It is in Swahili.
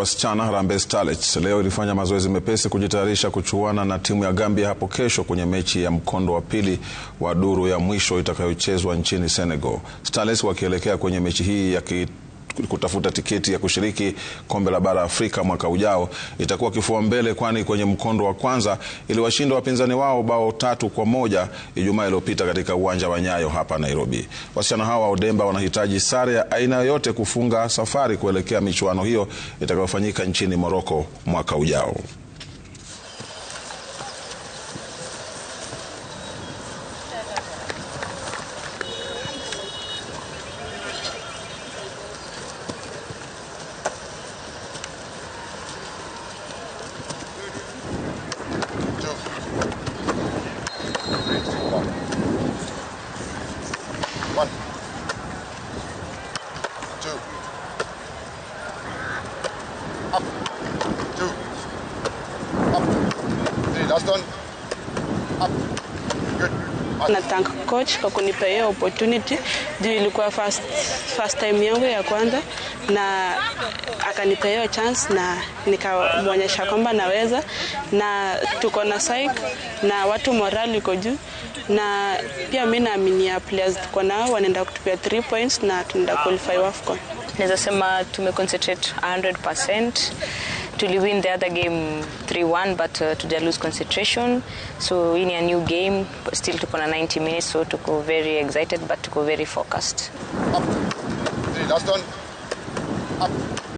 wasichana Harambee Starlets leo ilifanya mazoezi mepesi kujitayarisha kuchuana na timu ya Gambia hapo kesho kwenye mechi ya mkondo wa pili wa duru ya mwisho itakayochezwa nchini Senegal. Starlets wakielekea kwenye mechi hii ya kit kutafuta tiketi ya kushiriki kombe la bara Afrika mwaka ujao itakuwa kifua mbele, kwani kwenye mkondo wa kwanza iliwashinda wapinzani wao bao tatu kwa moja Ijumaa iliyopita katika uwanja wa Nyayo hapa Nairobi. Wasichana hawa wa wanahitaji sare ya aina yoyote kufunga safari kuelekea michuano hiyo itakayofanyika nchini Moroko mwaka ujao. two, up, two, up, three, last one, up, Na thank coach kwa kunipa hiyo opportunity juu ilikuwa first, first time yangu ya kwanza na akanipa hiyo chance na nikamwonyesha kwamba naweza, na tuko na psych na watu morali iko juu, na pia mi naaminia players tuko nao wanaenda kutupia 3 points na tunaenda qualify AFCON. Naweza sema tumeconcentrate 100% tuliwin the other game 3-1 but uh, tuja lose concentration so hii ni a new game still tuko na 90 minutes so tuko very excited but tuko very focused Up. Last one. Up.